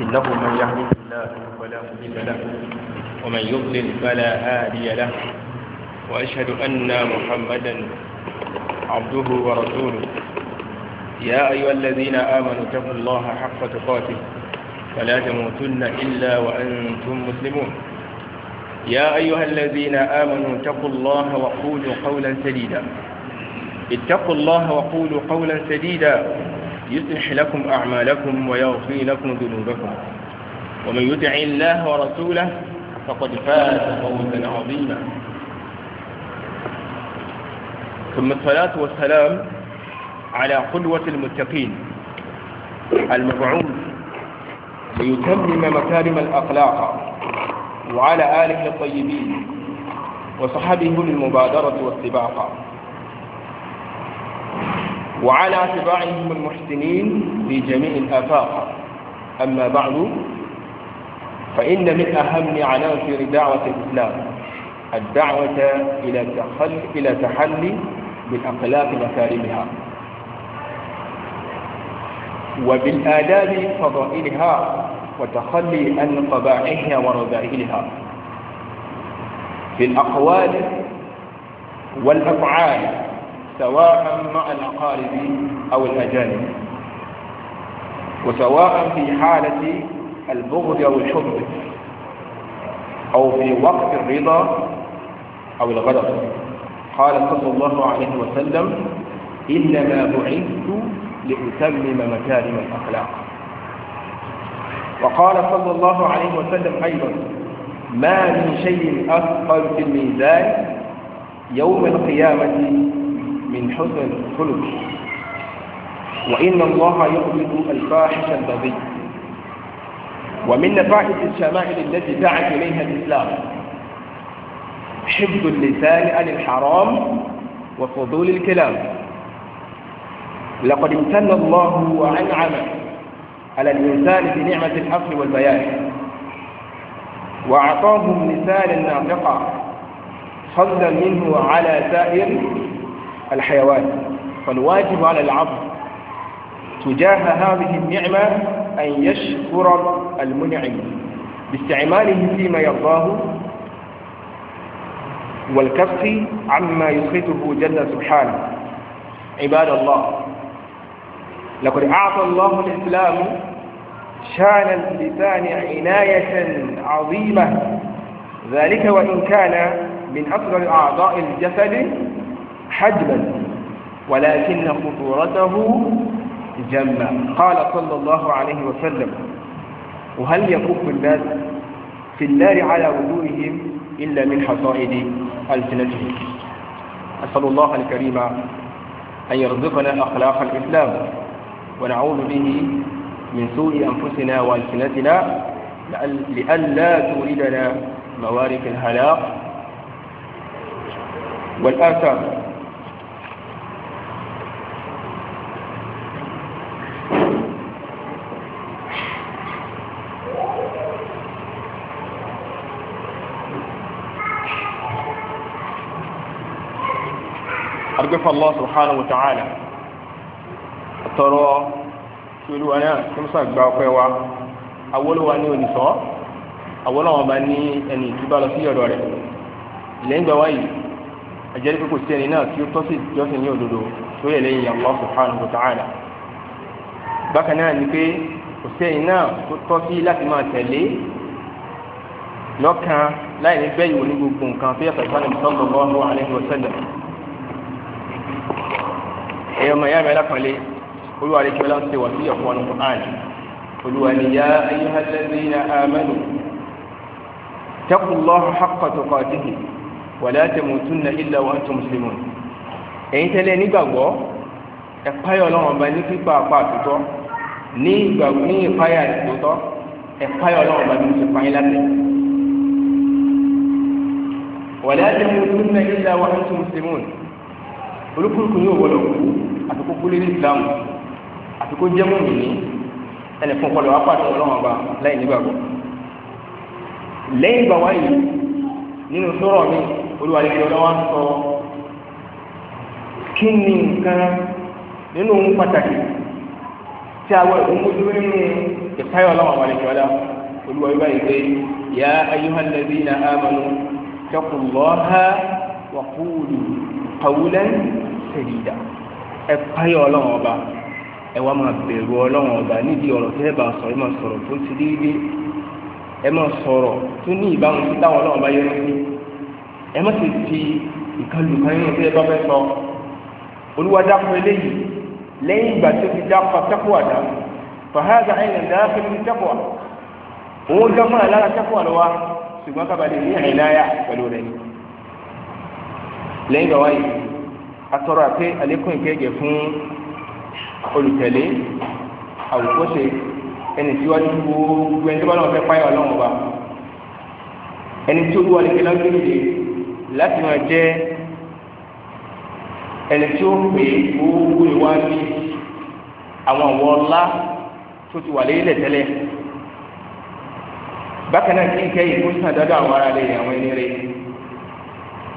إنه من يهده الله فلا مضل له ومن يضلل فلا هادي له وأشهد أن محمدا عبده ورسوله يا أيها الذين آمنوا اتقوا الله حق تقاته فلا تموتن إلا وأنتم مسلمون يا أيها الذين آمنوا اتقوا الله وقولوا قولا سديدا اتقوا الله وقولوا قولا سديدا يصلح لكم أعمالكم ويغفر لكم ذنوبكم ومن يدع الله ورسوله فقد فاز فوزا عظيما ثم الصلاة والسلام على قدوة المتقين المبعوث ليتمم مكارم الأخلاق وعلى آله الطيبين وصحبه المبادرة والسباقة وعلى اتباعهم المحسنين في جميع الآفاق أما بعد فإن من أهم عناصر دعوة الإسلام الدعوة إلى تحلي إلى تحلي بالأخلاق مكارمها وبالآداب فضائلها وتخلي عن قبائحها ورذائلها في الأقوال والأفعال سواء مع الأقارب أو الأجانب وسواء في حالة البغض أو الحب أو في وقت الرضا أو الغضب قال صلى الله عليه وسلم إنما بعثت لأتمم مكارم الأخلاق وقال صلى الله عليه وسلم أيضا ما من شيء أثقل في الميزان يوم القيامة من حسن الخلق وإن الله يقبض الفاحش البغي ومن نفائس الشمائل التي دعت إليها الإسلام حفظ اللسان عن الحرام وفضول الكلام لقد امتن الله وأنعم على الإنسان بنعمة الحفظ والبيان وأعطاه لسانا ناطقا فضلا منه على سائر الحيوان فالواجب على العبد تجاه هذه النعمة أن يشكر المنعم باستعماله فيما يرضاه والكف عما يسخطه جل سبحانه عباد الله لقد أعطى الله الإسلام شان اللسان عناية عظيمة ذلك وإن كان من أصغر أعضاء الجسد حجما ولكن خطورته جما قال صلى الله عليه وسلم وهل يكف الناس في النار على وجوههم إلا من حصائد ألسنتهم أسأل الله الكريم أن يرزقنا أخلاق الإسلام ونعوذ به من سوء أنفسنا وألسنتنا لئلا توردنا موارد الهلاك والآثام gbé fàlọ́ subhanahu wa ta'ala tọrọ tí olúwa náà kí wọ́n sàgbà ọpẹ́ wa awolowa ní onísọ́ awolowa bá ní ẹni ìtúbà lọ sí ọ̀dọ̀ rẹ̀ lẹ́yìn gbà wáyé àjẹ́rí pé kò sí ẹni náà tí ó tọ́ sí ìjọsìn ní òdodo tó yẹ lẹ́yìn Allah subhanahu wa ta'ala bákan náà ni pé kò sí ẹni náà tó tọ́ sí láti máa tẹ̀lé lọ́kàn láì ní bẹ́ẹ̀ ìwò nǹkan tó yàtọ̀ ẹ̀yọ́ ọmọ ìyá mi lápẹ́lẹ́ olúwa rẹ̀ kí ọlá ń ṣe wà sí ọ̀pọ̀ ọ̀nà Kùránì olúwa ni yá ayyuhal ladhina amanu taqullaha haqqa tuqatihi wa la tamutunna illa wa antum muslimun ẹ̀yin tẹ́lẹ̀ nígbàgbọ́ ẹ̀páyọ̀ ọlọ́run ọba ní pípa àpá àtútọ́ ní ìpáyà àtútọ́ ẹ̀páyọ̀ ọlọ́run ọba ní mo ti pa yín lábẹ́ wa la tamutunna illa wa antum muslimun olúkúlùkù yóò wọ́lọ̀ kú àfikún kúlé ní ìsìlámù àfikún jẹ́mú mi ní ẹnì fún ọpọlọ apáṣẹ ọlọ́run ọba láì nígbàgbọ́ lẹ́yìn ìgbà wáyé nínú sọ́rọ̀ mi olúwaríkẹ́ ọlọ́wọ́ sọ kí ni nǹkan nínú ohun pàtàkì tí a wọ́n mójú nínú qawlan sadida ẹ páyọ̀ ọlọ́run ọba ẹ wá máa bẹ̀rù ọlọ́run ọba níbi ọ̀rọ̀ tẹ́ ẹ bá sọ ẹ máa sọ̀rọ̀ tó ti déédéé ẹ máa sọ̀rọ̀ tó ní ìbámu sí táwọn ọlọ́run ọba yọrọ sí ẹ má sì fi ìkàlùkàn nínú tẹ́ ẹ bá fẹ́ sọ olúwa dákun eléyìí lẹ́yìn ìgbà tó fi dákọ tẹ́kọ̀ àdá fàhádà ẹ̀yìn dáa fi fi tẹ́kọ̀ òun gá máa lára tẹ́kọ̀ àlọ́wà ṣùgbọ́n kábàdé ní àìláyà pẹ̀lú rẹ̀ ni lẹ́yìn ìgbà wáyé atọ́rọ àti àlékún ìkẹ́gẹ́ fún olùtẹ̀lé àwòkọ́ṣe ẹni tí wọ́n ti kú gbogbo ẹni tí wọ́n náà fẹ́ páyà ọlọ́run ọba ẹni tí olúwa ní kíláà gbèdé láti máa jẹ́ ẹni tí ó pè gbogbo ìwádìí àwọn àwọ̀ ọlá tó ti wà lẹ́yìn lẹ́tẹ́lẹ̀ bákan náà kí n kó sàn àwọn ará rẹ̀ àwọn ẹni rẹ̀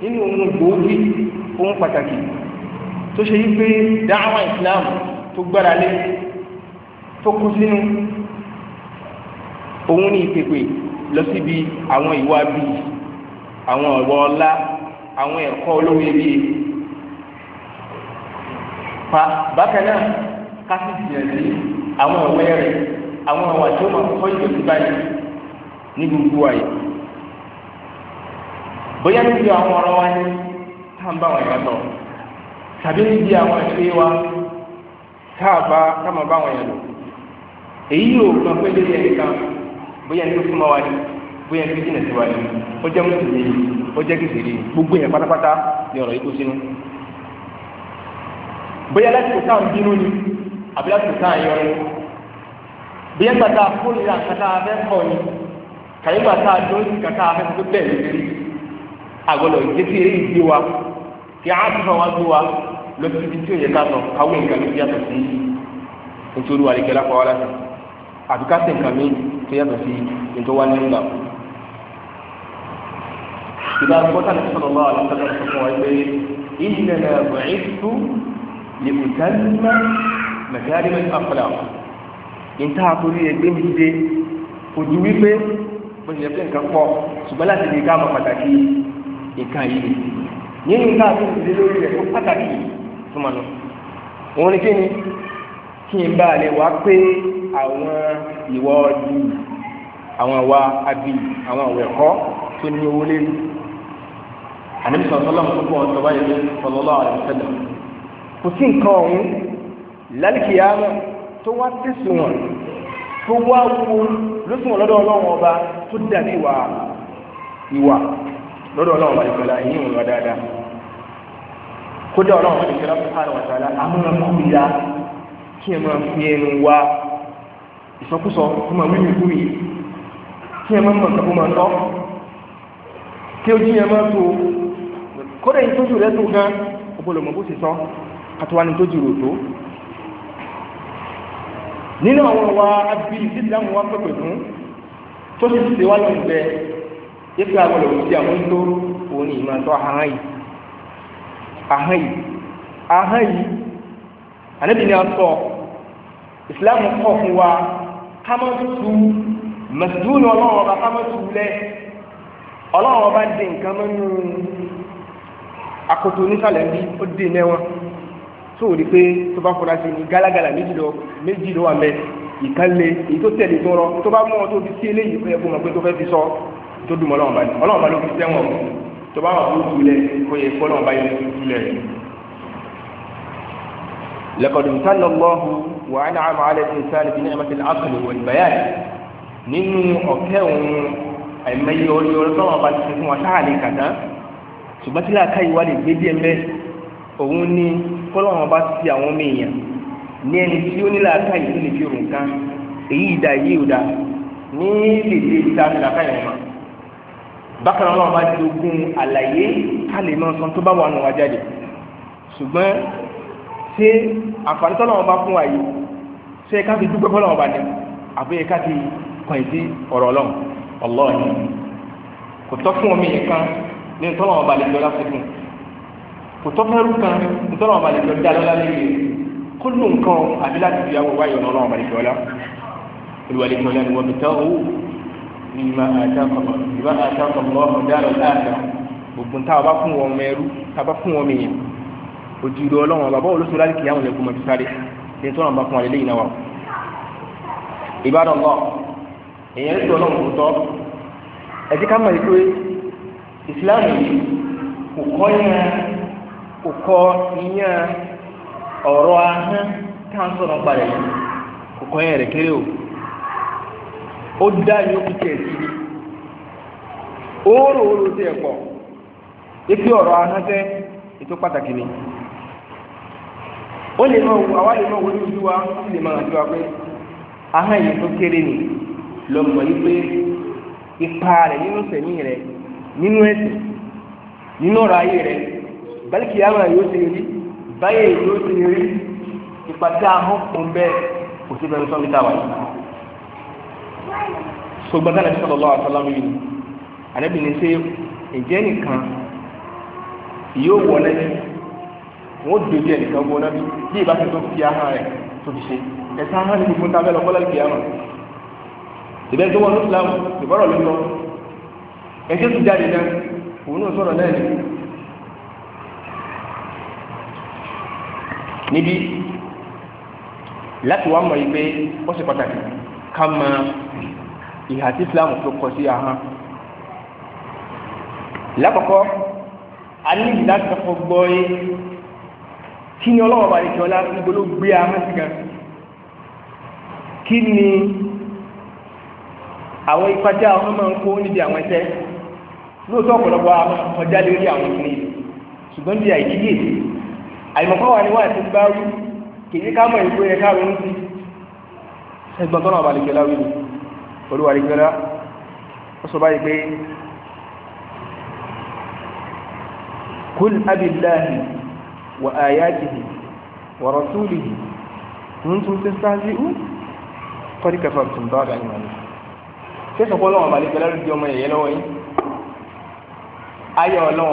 nínú ohun gbòógì ohun pàtàkì tó ṣe wípé dáhàwá islam tó gbára lé tó kú sínú òun ní ìpèpè lọ síbi àwọn ìwà bíi àwọn ọ̀rọ̀ ọlá àwọn ẹ̀kọ́ olówó ebi pa bákan náà ká sì jìnà sí àwọn ọ̀wẹ́ rẹ̀ àwọn ọ̀wà tí ó máa kọ́ ìdọ̀tí báyìí ní gbogbo àyè bóyá níbi àwọn ọ̀rọ̀ wa ní tá à ń bá wọn èèyàn lọ tàbí níbi àwọn ìṣe wa tá à bá ká èyí yóò kan pé lórí ẹnìkan bóyá ní fún wa ní bóyá ní jìnnà sí wa ní ó jẹ́ mùsùlùmí ó jẹ́ kìsìrì gbogbo yẹn pátápátá ni ọ̀rọ̀ yìí kó sínú bóyá láti kò sáà ń bínú ni àbí láti kò sáà ń ni bóyá gbàtà fóònù ìlànà kàtà abẹ́ kọ́ ni kàyégbàtà dóńtì kàtà abẹ́ kó bẹ́ẹ̀ lè rí àgbọ̀dọ̀ ìdésí eré ìdí wa kí á tún fún wa tó wa lọ sí ibi tí ò yẹ ká lọ káwé nǹkan mi yàtọ̀ sí nítorí wà lẹ́kẹ̀ẹ́ lápá wa láti àbí ká sẹ̀ nǹkan mi tó yàtọ̀ sí nítorí wà nínú ìgbà. ìgbà àgbọ̀tà ní sọ̀rọ̀ bá wà lọ́sọ̀ náà sọ fún wa pé ìdílé náà bẹ̀rẹ̀ tó lè kù tánimá mẹ̀tẹ́rì mẹ́ta fúnra ìta àkórí ẹgbẹ́ mi dé ojú wípé mo ti yẹ pé nǹkan pọ̀ ṣùgbọ́n láti lè ká ìkan yìí nínú nǹkan àtúntò lórí rẹ̀ tó pàtàkì túmọ̀ nù òun ni kí ni kí n bá lè wá pé àwọn ìwọ ọdún àwọn àwa àbí àwọn àwọ̀ ẹ̀kọ́ tó ní owó lérí àníbi sọ̀tọ́lọ́ fúnpọ̀ ọ̀tọ̀ báyìí ní sọlọ́lọ́ àrẹ ìṣẹ̀lẹ̀ kò sí nǹkan ọ̀hún lálìkìyàmù tó wá tẹ̀sùn wọn tó wá wo lóṣùwọ̀n lọ́dọ̀ ọlọ́run ọba tó dàbí ìwà ìwà lọ́dọ̀ ọlọ́run wà ìpínlẹ̀ ayé ìwọ̀n lọ dáadáa kódà ọlọ́run wà ìpínlẹ̀ subhanahu wa ta'ala amúra kúrìyà kí ẹ máa fi ẹnu wa ìsọkúsọ kó máa wíwì kúrì kí ẹ máa mọ̀ nǹkan kó máa tọ́ kí ojú yẹn máa tó kódà yìí tójú rẹ tó gan ọgbọlọmọ bó ṣe sọ àtiwani tójú rò tó nínú àwọn wa abí ìdílé àwọn wa pẹ̀pẹ̀ fún tó ṣe ti ṣe wá lọ́nà jẹ́ pé àwọn olùkọ́ tí àwọn ń tó òun ni ìmọ̀ àtọ́ ahọ́n yìí ahọ́n yìí ahọ́n yìí ànábì ni a sọ ìsìláàmù kọ̀ fún wa ká má tu mẹ̀sùdú ni ọlọ́run ọba ká má tu lẹ̀ ọlọ́run ọba dé nǹkan mọ́nú akoto nísàlẹ̀ bí ó dé mẹ́wọ́n tó o rí pé tó bá fura sí ni gálágàlà méjì lọ méjì lọ wà mẹ́ ìkànnì èyí tó tẹ̀lé tó rọ tó bá mú ọ tó fi sí eléyìí pé ẹ̀kọ́ tó dùn mọ́ ọlọ́run bá ní ọlọ́run bá ló fi sẹ́wọ̀n tó bá wà fún ìtúlẹ̀ kó yẹ kó ọlọ́run bá yẹ fún ìtúlẹ̀ rẹ̀. لقد امتن الله وأنعم على الإنسان بنعمة العقل والبيان nínú ọ̀kẹ́ òun àìmọye orí orí tọ́wọ́ bá ti fún wa sáàlì kàtá ṣùgbọ́n tí láàká ìwà lè gbé díẹ̀ mẹ́ òun ní kọ́lọ́wọ́n bá ti àwọn ọmọ èèyàn ní ẹni tí ó ní láàká ìlú lè fi òrùn kan èyí ìdá èyí ìdá ní lè lè dá láàká ìwọ̀n máa bákan náà wọn bá di ogun àlàyé ká lè mọ tó bá wà nù wá jáde ṣùgbọ́n ṣé àǹfààní tọ́lọ́ wọn bá fún wa yìí ṣé ká fi dúpẹ́ fọ́lọ́ wọn bá ní àbúyẹ ká fi kàn sí ọ̀rọ̀ ọlọ́run ọlọ́ọ̀ni kò tọ́ fún omi yẹn kan ní tọ́lọ́ wọn bá lè jọ láti fún kò tọ́ fẹ́rù kan ní tọ́lọ́ wọn bá lè jọ dá lọ́lá lẹ́yìn kó ló nǹkan àbí láti fi àwọn wáyọ̀ ọlọ́run bá lè jọ lá mímá àtàkọ̀lọ́ ìbá àtàkọ̀lọ́ ọ̀daràn láàdá gbogbo tá a bá fún wọn mẹ́rú tá a bá fún wọn mìíràn ojú ìlú ọlọ́run bàbá olóṣù láti kìí àwọn ẹ̀kọ́ mọ̀tí sáré ní tó náà bá fún wa lélẹ́yìn náà wà. ìbádàn lọ èèyàn ń sọ ọlọ́run tó tọ́ ẹ jẹ́ ká mọ̀ pé ìsìláàmù yìí kò kọ́ yẹn kò kọ́ ìyẹn ọ̀rọ̀ ahọ́n tá à ń ó dá yòókù tẹ̀ sí o oòrò oòrò tí ipi ọ̀rọ̀ ètò pàtàkì ni ó lè mọ òwò àwa lè mọ òwò ní ojú wa ó lè mọ àjọ wa pé tó kéré ni pé ipa rẹ̀ nínú sẹ̀mí rẹ̀ nínú ẹ̀sìn nínú ọ̀rọ̀ ayé rẹ̀ yóò ti rí yóò ti rí ipa tí bẹ́ẹ̀ kò sí bẹ́ẹ̀ ṣùgbọ́n tánà sọ́dọ̀ lọ́wọ́ àtọ́lámù yìí ànábì ní ṣe ìjẹ́ nìkan yóò wọ lẹ́yìn wọ́n dojú ẹ̀ nìkan wọ náà bí ìbá tó fi ahọ́n rẹ̀ tó fi ṣe ẹ̀sán ahọ́n ní gbogbo tábẹ́ lọ bọ́lá ìgbéyàwó ìbẹ́ tó wọn ní Islam ìbọ̀rọ̀ ló lọ ẹ̀jẹ̀ tó jáde náà òun náà sọ̀rọ̀ náà ni níbi láti wá mọ̀ yìí pé ó ṣe pàtàkì ká mọ ìhà tí islam tó kọ sí ahọ́n lákọ̀ọ́kọ́ a ní ìdí láti kọ́kọ́ gbọ́ yé kí ni ọlọ́wọ́ bá lè kí ọlá níbo ló gbé ahọ́n sí gan kí ni àwọn ipa tí àwọn máa ń kó níbi àwọn ẹsẹ̀ lóòótọ́ ọ̀pọ̀lọpọ̀ ọjà lórí àwọn ìpínlẹ̀ ṣùgbọ́n bí àìkíyèsí àìmọ̀kọ́ wà níwájú bá wí kìí ká mọ̀ ìgbó yẹ ká sí ẹgbọ́n tọ́nà ọba àlìkẹ́lá wí ni olúwa àlìkẹ́lá ó sọ báyìí pé kul abillahi wa ayatihi wa rasulihi kuntum tastahzi'u qad kafartum ba'da imanikum tẹ́sán kọ́ lọ́wọ́ ọba àlìkẹ́lá ló di ọmọ ẹ̀yẹ lọ́wọ́ tí òwúlò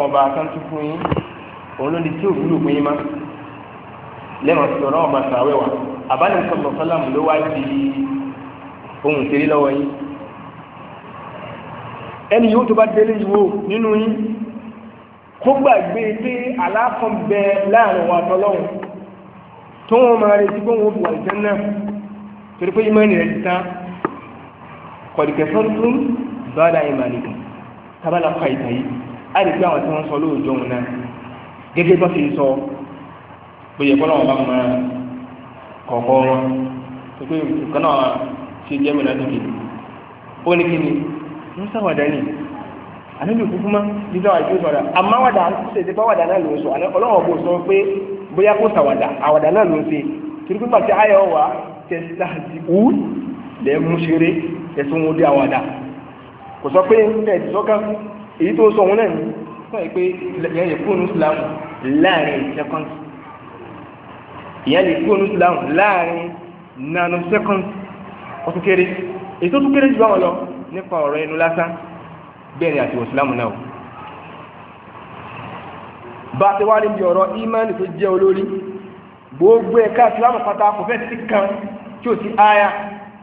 fún sàwẹ́wàá àbálẹ̀ sọ̀rọ̀ sọ́làmù ló wá di ohun ìṣeré lọ́wọ́ yín ẹni yóò tó bá délé ìwò nínú yín kó gbàgbé pé aláàfọ̀n bẹ láàrin wa tọ́lọ́hùn tó wọn máa retí pé wọn wà ìjẹun náà torí pé ìmọ̀ rẹ̀ ti tán wọ́n sọ lóòjọ́ náà gẹ́gẹ́ bọ́ sí sọ bóyá kọ̀ọ̀kọ́ wọn tó pé nǹkan náà ṣe jẹ́ mi láti kì ó ní kí ni ń ṣàwàdà ni àníbi òkúkú mọ́ dídá wà ìjọba rẹ̀ àmọ́ wàdà ṣe ti pa wàdà náà ló ń sọ ọlọ́wọ́ bó sọ pé bóyá kó ṣàwàdà àwàdà náà ló ń ṣe torí pípa ti ayọ̀ wà tẹ̀sílà ti wú lẹ́ mú ṣeré ẹ̀sùn wọn dé àwàdà kò sọ pé ẹ̀ ti sọ́kàn èyí tó sọ òun náà ní sọ pé yẹn yẹ fóònù Islam láàrin ìṣẹ́kọ́ńtì ìyẹn lè kú onú islam láàrin nanosecond ó tún kéré èyí tó tún kéré jù báwọn lọ nípa ọ̀rọ̀ inú lásán bẹ́ẹ̀ ni àti islam náà bá a ti wá níbi ọ̀rọ̀ imani tó jẹ́ olórí gbogbo ẹ̀ka islam pátá kò fẹ́ sí kan tí ó ti aya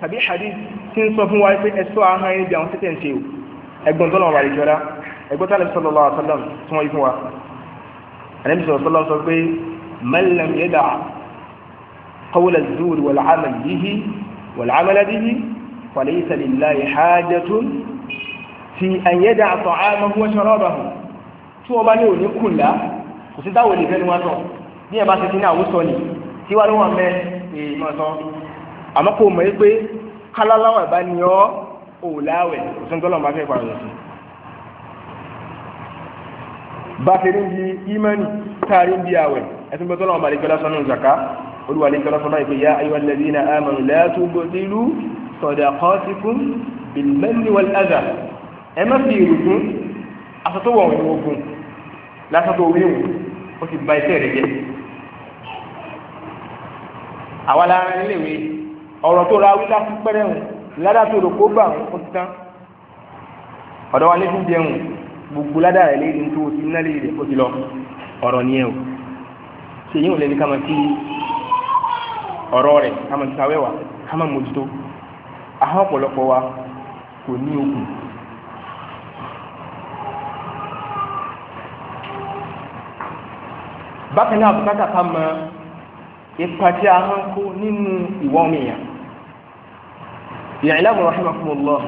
tàbí hadith tí ń sọ fún wa pé ẹ̀sọ́ ahọ́n ẹni bí àwọn tẹ́tẹ̀ ń ṣe o ẹgbọ́n tó lọ́wọ́ àdìjọ́lá ẹgbọ́n tó قول الزور والعمل به والعمل به فليس لله حاجة في أن يدع طعامه وشرابه tí wọ́n bá ní òní kù lá kò sí táwọn olè fẹ́ni wọn tán bí ẹ bá ti ti ní àwòsàn ni tí wàá ló wà mẹ èèmọ̀ tán àmọ́ kò mọ̀ pé káláláwà bá ní ọ́ òláwẹ̀ kò tọ́lọ̀ bá fẹ́ parọ́ sí. bá a ti bí ímánì tá a bí àwẹ̀ ẹ̀sìn bọ́tọ́lọ̀ ọmọ àdìgbẹ́lá sọ́nù zaka olúwa ní kọ́lá fọlá ìpè ya ayọ́ alladhina amanu la tubtilu sadaqatikum bil manni wal adha ẹ má fi ìrùkún aṣọ tó wọ̀n ìwọ̀n ogun lásán tó wíwù ó ti ba iṣẹ́ rẹ̀ jẹ́ gbogbo ládà rẹ̀ tó ti ná léyìn rẹ̀ ọ̀rọ̀ nìyẹn o ṣèyí ò lẹ́ni ká máa fi ọ̀rọ̀ rẹ̀ ká máa tawẹ́wà ká máa mójútó àwọn ọ̀pọ̀lọpọ̀ wa kò ní okùn bákan náà bùkátà ká mọ ipa tí a máa ń kó nínú ìwà ọmọ èèyàn ìyàlá mọ̀ rahimahumullah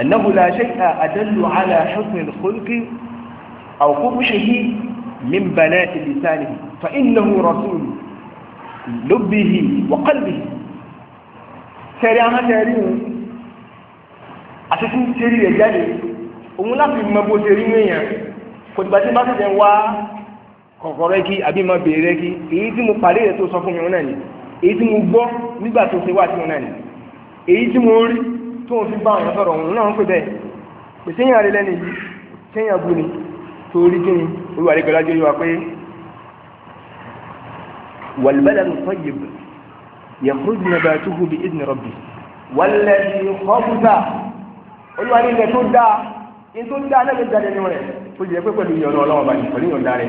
annahu adallu ala husni khulqi aw qubhihi min banati lisanihi fa innahu rasul lóbìhì wọ́kànlì tẹ̀rí amátẹ̀rí wọn àti tí ń tẹ̀rí rẹ̀ jáde òun láti mọ bó ṣe rí wéèyàn kò tìgbà tí bá ṣẹ̀ṣẹ̀ ń wá kọ̀kọ̀rọ̀ kí àbí mọ bèèrè kí èyí tí mo pàdé rẹ̀ tó sọ fún mi wọn náà ni èyí tí mo gbọ́ nígbà tó ṣe wá sí wọn náà ni èyí tí mo rí tó ń fi bá ọ̀yàn sọ̀rọ̀ òun náà ń pè bẹ́ẹ̀ pèsè yàn rẹ̀ lẹ́nu yìí sẹ́yìn abúni torí kí ni olùwàlẹ́gbẹ̀lájọ́ yìí wà pé والبلد الطيب يخرج نباته بإذن ربه والذي خبث قل وأن إذا تدع إن تدع أنا من دار النور قل يا بابا لي يلا بني فلين يلا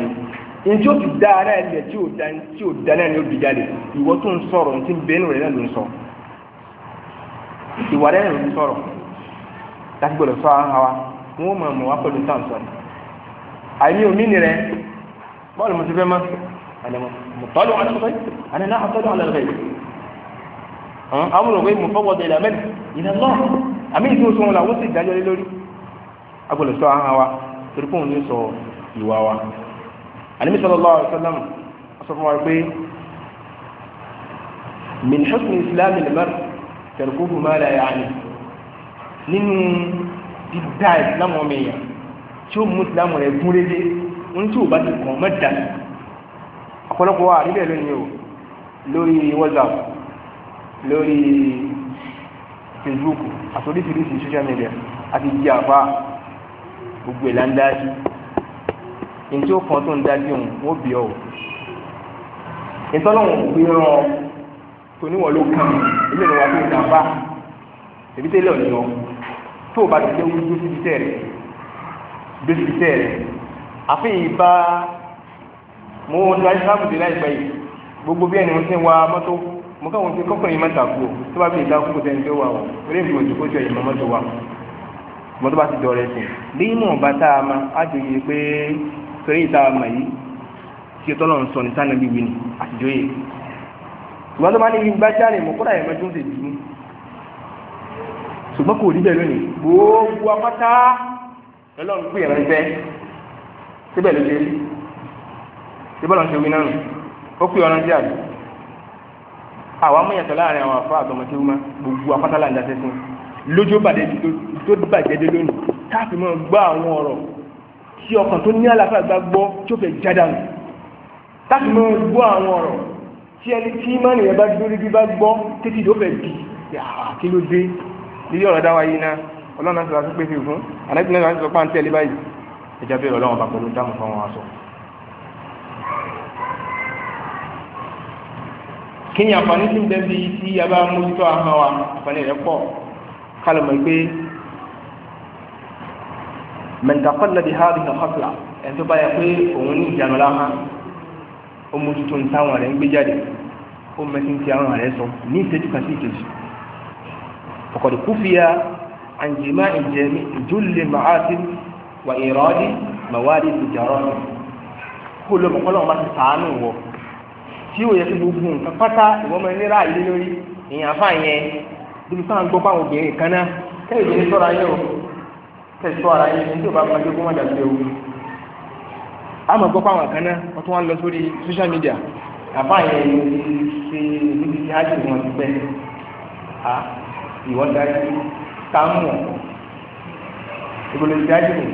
إن شو تدع أنا اللي شو دان شو دان أنا يبدي جالي يوتون صار وانتين بين ولا نون صار ìwàrẹ́ ìròyìn sọ̀rọ̀ láti gbọ́dọ̀ sọ àwọn àwa wọn mọ̀ mọ̀ wá pẹ̀lú táwọn sọ̀rọ̀ àìní òmìnir rẹ أنا مطلع على الغيب أنا لا أطلع على الغيب أمر الغيب مفوض إلى من؟ إلى الله àmì ìdí oṣù wọn làwọn sì dájọ́ lé lórí agbọ́dọ̀ sọ ahọ́n wa torí kóun ní sọ ìwà wa Ànábì sallallahu alaihi wasallam sọ fún wa pé min husni islamil mar tarkuhu ma la ya'ni nínú dídá ìsìlámù ọmọ èèyàn tí ó mú ìsìlámù rẹ̀ gún régé wọn tí ò bá ti kàn mọ́ dà sí ọ̀pọ̀lọpọ̀ wà níbẹ̀ lónìí o lórí whatsapp lórí facebook àtòrísìírísìí social media àti jí àfá gbogbo ẹ̀ láńdá sí in tí ó kàn tó ń dájú òun wọ́n bí ọ́ ìtọ́lọ́wọ̀n gbé rán tó níwọ̀n ló kàn ilé ìwà tó ń dàbá èbí tẹ́lẹ̀ ọ̀nà tó bá ti léwu gbé síbi tẹ́ẹ̀rẹ̀ gbé síbi tẹ́ẹ̀rẹ̀ àfihàn bá mo ń lọ ìsìlámù dé láìpẹ́ yìí gbogbo bí ẹni mo ti ń wa mọ́tò mo káwọn ti kọ́kùnrin mẹ́ta kú o tó bá fi ìdá kúkú tẹ́ni tó wà o eré mi ò ti kójú ẹ̀yìn mọ́tò wa mọ́tò bá ti dọ̀rẹ́ sùn bí mọ̀ bá tá a ma á ti yẹ pé torí ìta ma yìí ṣe tọ́lọ̀ ń sọ ní sáà níbi wí ni àtijọ́ yìí ṣùgbọ́n tó bá ní gbígbá jáde mọ̀ kódà ẹ̀mọ́ tó ń ṣe dùn ṣùgbọ́n kò rí bẹ́ẹ̀ lónìí gbogbo apáta lọ́lọ́run pè tí bọ́lọ̀ ń ṣe wí náà nù ó pè ọ̀ràn díà bí àwọn amúyàtọ̀ láàrin àwọn afọ àtọmọ tí ó má gbogbo apátálà ń dáṣẹ́ fún lójú bàdé tó bàjẹ́ dé lónìí káàfì mọ́ gbọ́ àwọn ọ̀rọ̀ tí ọkàn tó ní àlàáfíà gbá gbọ́ tí ó fẹ́ jáda nù káàfì mọ́ gbọ́ àwọn ọ̀rọ̀ tí ẹni tí má nìyẹn bá dúró bí bá gbọ́ títí tó fẹ́ di kí ló dé nílé ọ̀rọ̀ dáwà yìí ná ọlọ́run náà sọ̀rọ̀ àti pé kí ni àǹfààní tí ń bẹ bí tí a bá mójútó ahọ́n wa àǹfààní rẹ̀ pọ̀ kálọ̀ mọ̀ pé mẹ̀ntàkọ́lẹ̀ bí hábì nà kọ́pìlà ẹ̀ tó bá yẹ pé òun ní ìjànà láhá ó mójútó ń táwọn rẹ̀ ń gbé jáde ó mẹ́sìn ti àwọn rẹ̀ sọ ní ìṣẹ́jú kan sí ìkejì ọ̀kọ̀dù kúfìyà àǹjìmá ìjẹ̀mí ìjúlẹ̀ màásí wà ìrọ́dí màwádìí ìjàrọ́ kó ló mọ̀kọ́lọ́ tí ò yẹ kí gbogbo nǹkan pátá ìwọ́n máa nira àlè lórí èèyàn fà yẹn bíbí fáwọn gbọ́ fáwọn obìnrin kan náà kẹ́yìn obìnrin sọ̀rọ̀ ayé o kẹ́yìn sọ̀rọ̀ ayé ní tí o bá máa jẹ́ kó má dàbí ewu àmọ́ gbọ́ fáwọn kan náà wọ́n tún wá lọ sórí social media àbá yẹn ní ṣe níbi tí ájì wọn ti bẹ́ẹ̀ à ìwọ́n darí ká mú ọ ìgbòlè ti ájì mú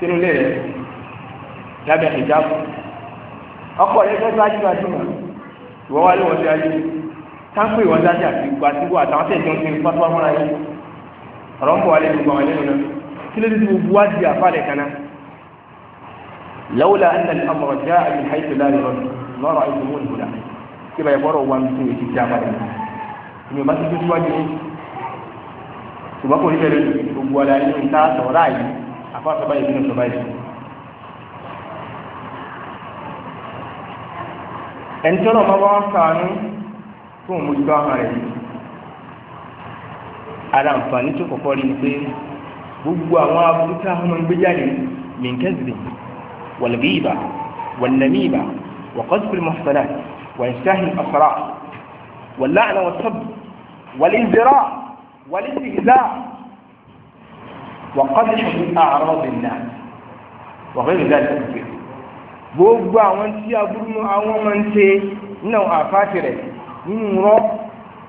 sínú ilé rẹ lábẹ́ ìjábọ̀ ọkọ̀ rẹ fẹ́ sáájú àjùmọ̀ ìwọ́n wá lé wọn sí ayé táǹpù ìwọ́n dájú àti ìgbà tí wọ́n àtàwọn tẹ̀ jọ ń sin fatuwa fúnra yìí ọ̀rọ̀ ń bọ̀ wálé gbogbo àwọn ẹlẹ́nu náà kí ló dé tí di àfàlẹ̀ kan náà lawla anna al-amra jaa min haythu la yurad la ra'aytumu kí bá bọ́rọ̀ wá ẹni tí ọlọ́mọ bá ń sàánú fún ń mójútó àwọn rẹ̀ yìí ara nfààní tó kọ́kọ́ rí ni pé gbogbo àwọn aburú tá a máa ń gbé jáde mìǹkẹ́sìdì wàlbíìbà wàlnàmíìbà wàkọ́sìfìlì mọ̀sánà wàìsáhì ọ̀sọ́rà wàláàna wàsọ́b wàlìzìrà wàlìzìzà wàkọ́sìfìlì àárọ̀ bìnnà wàkọ́sìfìlì àárọ̀ bìnnà gbogbo àwọn tí aburú àwọn ọmọ ń ṣe nínú àwọn àfáàṣì rẹ̀ nínú rọ́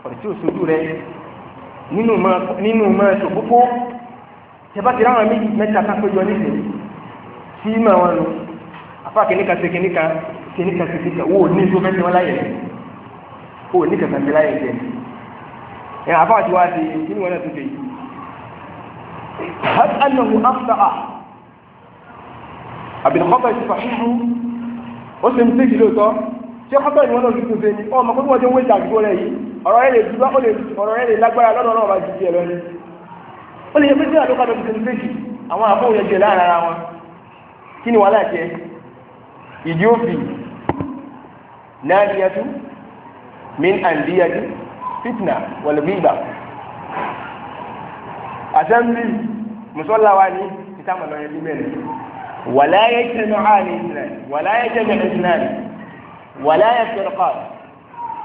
ọ̀rẹ́ tí ò sojú rẹ̀ nínú máa ṣòkókó tẹ́bàtì ráwọn méjì mẹ́ta kápẹ́jọ nísìnyí tí máa wọn lò àfáà kìnníkan ṣe kìnníkan kìnníkan ṣe kìnníkan wò ní tó mẹ́sẹ̀ wọn láyẹ̀ wò ní kẹ̀kẹ́ ṣe láyẹ̀ jẹ́ ẹ̀ àfáà tí wàá ṣe kí ni wọn náà tún ṣe yìí àbìnàkọ́tọ̀ ìṣe fàṣíṣú ó ṣe ń tẹ́jì lóòótọ́ tí ọkọ̀tọ̀ ìwọ́n náà tuntun fẹ́ni ọ mọ̀ kókó wọ́n wéjà àdúgbò rẹ̀ yìí ọ̀rọ̀ rẹ̀ lè dúró ọ̀rọ̀ rẹ̀ lè lágbára lọ́dọ̀ náà bá ti di ẹ̀rọ ni ó lè yẹ pé tí àdókòtò ti ṣe tẹ́jì àwọn àbóhùn yẹn jẹ láàrin ara wọn kí ni wàhálà jẹ ìdí òfin náà ni ẹtú min andiyati fitna wal ghiba assembly musola wa ni kita mo lo yin bere ولا يجتمعان اثنان ولا يجتمع اثنان ولا يفترقان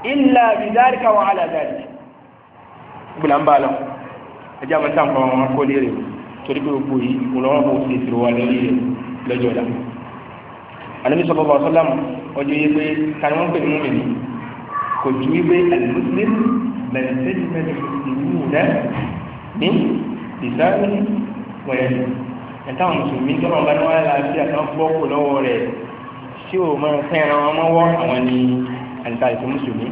إلا بذلك وعلى ذلك بلا مبالغ أجاب تنفع ما قول يري تريد أبوه ولو أبوه سيسر والي لجولا النبي صلى الله عليه وسلم وجوه يبي كان ممكن المؤمن كجوه يبي المسلم من سلم المسلمون من لسانه ويده ẹ̀tàwọn mùsùlùmí tọ́lọ̀ bá níwáyé láti àtàn gbọ́kù lọ́wọ́ rẹ̀ tí ò mọ̀ fẹ́ ẹran wọn mọ́wọ́ àwọn ni àlìkà ètò mùsùlùmí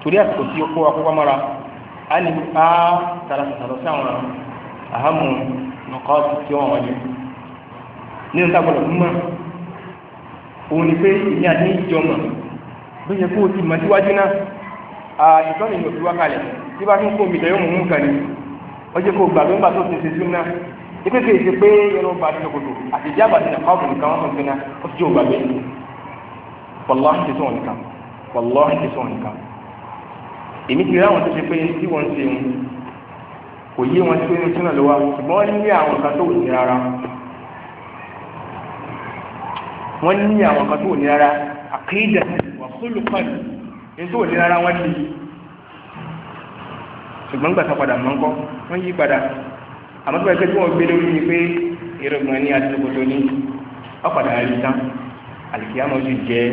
torí àsìkò tí ó kó akókó mọ́ra a ní bá tara sàtàlọ́ sí àwọn àhámù nǹkan tí wọ́n wọ́n jù nínú tábọ̀lọ̀ mímọ́ òun ni pé ìní àti ìjọmọ̀ bí ṣe kó o ti mọ̀ síwájú náà àtìkọ́ nìyẹn òfin wákàlẹ̀ tí bá tún kó omi tẹ̀yọ́ mọ̀ mú kàn ní ọjọ́ kó ipe kìí ṣe pé irun ba nínú kodo àti ìjà àbàtì nìkan ọ̀bùn nìkan wọn tuntun náà ó ti jẹ́ ògbà bẹ́ẹ̀ wàláhì ti sọ̀rọ̀ nìkan wàláhì ti sọ̀rọ̀ nìkan èmi ti rí àwọn tó ṣe wọn tí wọ́n ń ṣe wọn kò yé wọn àmọ́ tó ẹgbẹ́ tí wọ́n gbé lórí ni pé irúgbìn ní adúgbòtò ní ọ̀padà rí tán àlìkíyàmọ̀ sì jẹ́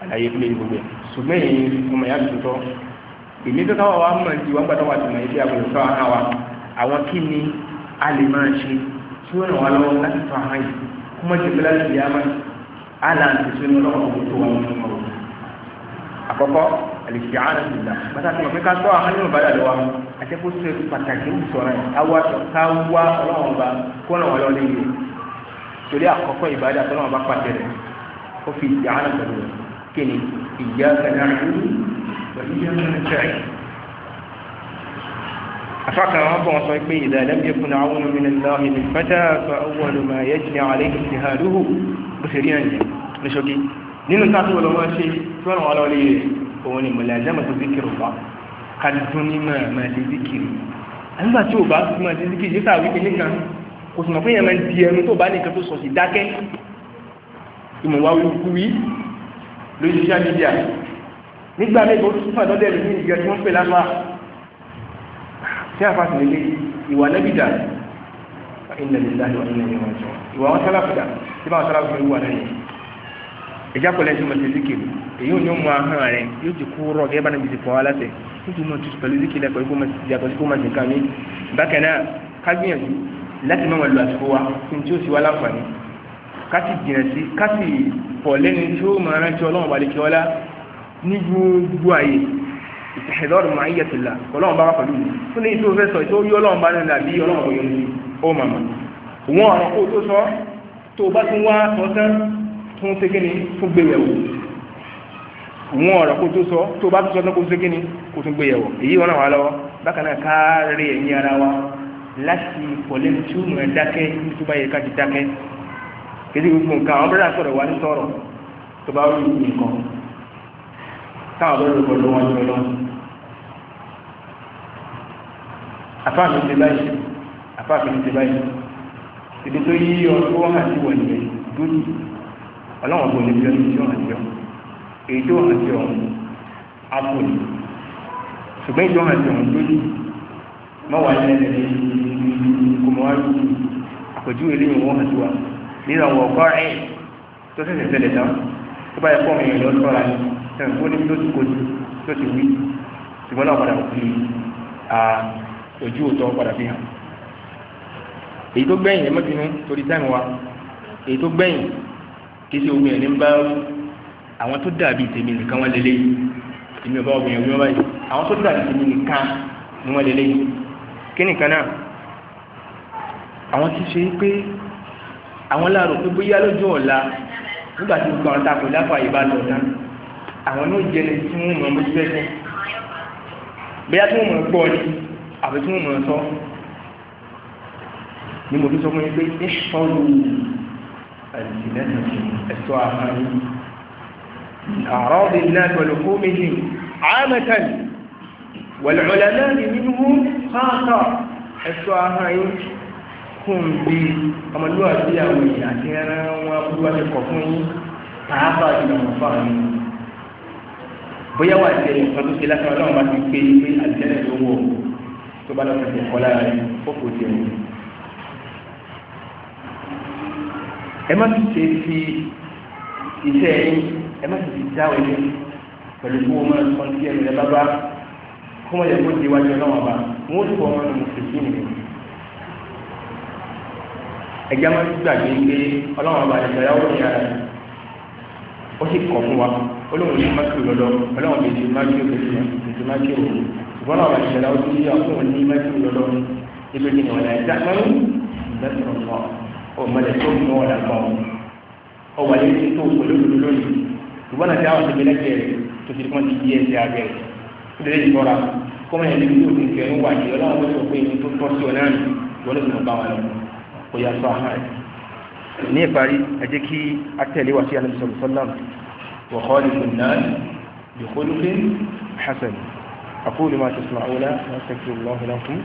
àlàyé fún èyí gbogbo ẹ̀ ṣùgbọ́n èyí ọmọ ìyá tuntun èmi tó táwọn wa mọ̀ ju wọn gbàtọ́ wa ti mọ̀ ibi àgbẹ̀lẹ̀ tó àwọn wa àwọn kí ni a lè máa ṣe tí wọ́n ràn wá lọ́wọ́ láti tọ́ àwọn yìí kó mọ̀ jẹ́ pẹ́lá ìyá máa àlà àti sínú ọlọ́wọ́ àkọ́kọ́ àlèṣìáàrẹ̀ ìgbà pàtàkì mọ̀ pé ká sọ àánú ìbádà lọ́wọ́ àtẹ́kùsọ ẹ̀kú pàtàkì ń sọ̀rọ̀ káwá ọlọ́run ọba kó ràn wọ́n lọ lé yìí torí àkọ́kọ́ ìbádà tọ́lọ́run ọba pàtẹ ó fi ìṣìáàrẹ̀ pẹ̀lú rẹ̀ kí ni ìyá kẹta ìlú pẹ̀lú ìyá kẹta أفكر ربما صيبي إذا لم يكن عون من الله للفتى فأول ما يجني عليه اجتهاده بسرين نشوكي نينو لو ماشي فلو على ليه òun ni mulazamatu zikrillah kàdùn ní máa máa di zikiri nígbà tí o bá máa di zikiri yíká wípé nìkan kò sì mọ̀ pé yẹn máa di ẹnu tó bá nìkan tó sọ sí dákẹ́ ìmọ̀ wá wí kú wí lórí social media nígbà mẹ́ta ó tún fàdọ́dẹ́ ẹ̀rù ní ìgbà tí wọ́n pè lápá tí a fásitì lè ìwà lẹ́bìdà ilẹ̀ ìlà ìwà ilẹ̀ ìwà ìwà wọn sálàfìdà tí bá wọn sálàfìdà ìwà lẹ́yìn ẹjá pẹ̀lẹ́ sí mọ̀ sí zikiri èyí ò ní mú ahọ́n rẹ̀ yóò ti kú rọ̀ gẹ́gẹ́ bá níbi ti fọ́ wa láṣẹ yóò ti mú ọtún pẹ̀lú zikiri ẹ̀kọ́ ikú yàtọ̀ sí kó máa ṣèkà mí bákan náà ká gbìyànjú láti máa lo àsìkò wa kí n tí ó sì wá láǹfààní ká sì jìnà sí ká sì pọ̀ lẹ́ni tí ó máa rántí ọlọ́run balẹ̀ kí ọlá ní gbogbo àyè ìtẹ̀hẹ̀dọ́rù máa ń yẹtìlá ọlọ́run bá wà pẹ̀lú fún ní ọ̀la bí sọ wọn ọ̀rọ̀ kó tó sọ tó bá tó sọ náà kó tó kíni kó tó gbéyàwó èyí wọn náà wà lọ́wọ́ bákan náà káàárẹ̀ ẹ̀yìn ara wa láti pọ̀lẹ́ tí ó mọ̀ dákẹ́ tó bá yẹ ká ti dákẹ́ kéde gbogbo nǹkan àwọn bẹ́rẹ̀ àtọ̀rọ̀ wà ní sọ̀rọ̀ tó bá rí nǹkan táwọn bẹ́rẹ̀ lọ́wọ́ lọ́wọ́ lọ́wọ́ lọ́wọ́ afáàmì ti báyìí afáàmì ti báyìí ìdí tó yí ọdún wọn àti wọ̀nyẹn dúdú ọlọ́wọ́n èyí tó hàn sí ọ̀hún apple ṣùgbọ́n èyí tó hàn sí ọ̀hún lójú mọ́wàá ní ẹni kò mọ́ wáyé àpèjúwe lè wọ́n hàn sí wa nínú àwọn ọ̀gọ́ ẹ̀ tó ṣẹ̀ṣẹ̀ ṣẹlẹ̀ tán tó bá yẹ fọ́ mi ìrìn lọ́sọ̀ ra ṣẹ̀ṣẹ̀ fún ní tó ti kojú tó ti wí ṣùgbọ́n náà padà fi ojú òótọ́ padà fi hàn èyí tó gbẹ̀yìn ẹ̀ mọ́bìnú torí táìmù wa èyí tó gbẹ̀yìn kì í ṣe ẹ̀ ní ń bá àwọn tó dàbí tèmi nìkan wọ́n lélẹ̀ yìí èmi ò bá wọ̀ yẹn wí wọ́n báyìí àwọn tó dàbí tèmi nìkan ni wọ́n lélẹ̀ yìí kí nìkan náà àwọn ti ṣe pé àwọn láàrò pé bóyá lójú ọ̀la nígbà tí gbogbo àwọn takò láfa ìbá lọ tán àwọn ní ó jẹni tí wọ́n mọ̀ mọ́ síbẹ̀ bóyá tí wọ́n mọ̀ gbọ́ ni àbí tí wọ́n mọ̀ sọ ni mo fi sọ fún yín pé ẹ sọ́ọ́lù àìsí lẹ́sìn ẹ̀sọ́ àfáàní أعراض الناس ولحومهم عامة والعلماء منهم خاصة السؤال kún bí ọmọlúwàbí àwọn èèyàn àti ẹran wọn olúwa ti kọ̀ fún yín pàápàá jùlọ wọn fà mí bóyá wà tẹ nǹkan tó ṣe lásán Ọlọ́run bá ti pé pé àtẹ́lẹ̀ tó wọ̀ tó bá lọ́kàn tẹ̀ kọ́ lára rẹ̀ ó kò tẹ̀ wọ̀. ẹ má tún ṣe fi iṣẹ́ yín ẹ má sì fi dá òye pẹ̀lú kó o máa sọ sí ẹ̀mí rẹ bábá kó wọ́n yẹ kó di iwájú ọlọ́wọ́n bá wọ́n sọ ọmọ ní mùsùlùmí nìyẹn. ẹ̀jẹ̀ máa ń gbàgbé pé ọlọ́wọ́n bá ẹ̀jẹ̀ yà wọ́n yára ó sì kọ̀ fún wa olóhùn ní mákìrì lọ́dọ̀ ọlọ́wọ́n bèèrè mákìrì bèèrè bèèrè mákìrì òun ṣùgbọ́n àwọn ìṣẹ̀lẹ̀ àwọn tó yíyá fún òun ní mákìrì lọ́dọ̀ ibi ni wọ́n láì dákẹ́rù lẹ́sọ̀rọ̀ mọ́ ọ mọ̀lẹ́ tó mú ọ̀dà kan ọ wà lẹ́yìn tó pẹ̀lú lónìí ṣùgbọ́n àti àwọn ìṣẹ̀lẹ̀ lẹ́kẹ̀ẹ́ rẹ̀ tó ti kọ́ ti yí ẹsẹ̀ abẹ́ rẹ̀ ó lè yọra kọ́mọ yẹn níbi tó ti ń kẹrin wà ní ọlọ́run tó sọ pé ní tó tọ́ sí ọ náà ní wọlé ìmọ̀ bá wà lọ kó yá sọ ahọ́n rẹ̀. ní ìparí ẹ jẹ́ kí a tẹ̀lé wá sí alẹ́ sọ̀rọ̀ sọ́lá wọ̀kọ́ ní kò náà yòkólókè hasan أقول ما تسمعون وأستغفر الله لكم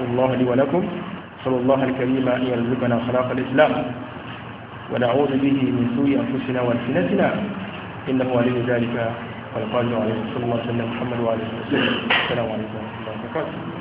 والله لي ولكم صلى الله الكريم أن يرزقنا خلاق الإسلام ونعوذ به من سوء أنفسنا وألسنتنا إنه ولي ذلك والقادر عليه صلى الله عليه وسلم محمد وعلى آله وسلم السلام عليكم ورحمة الله وبركاته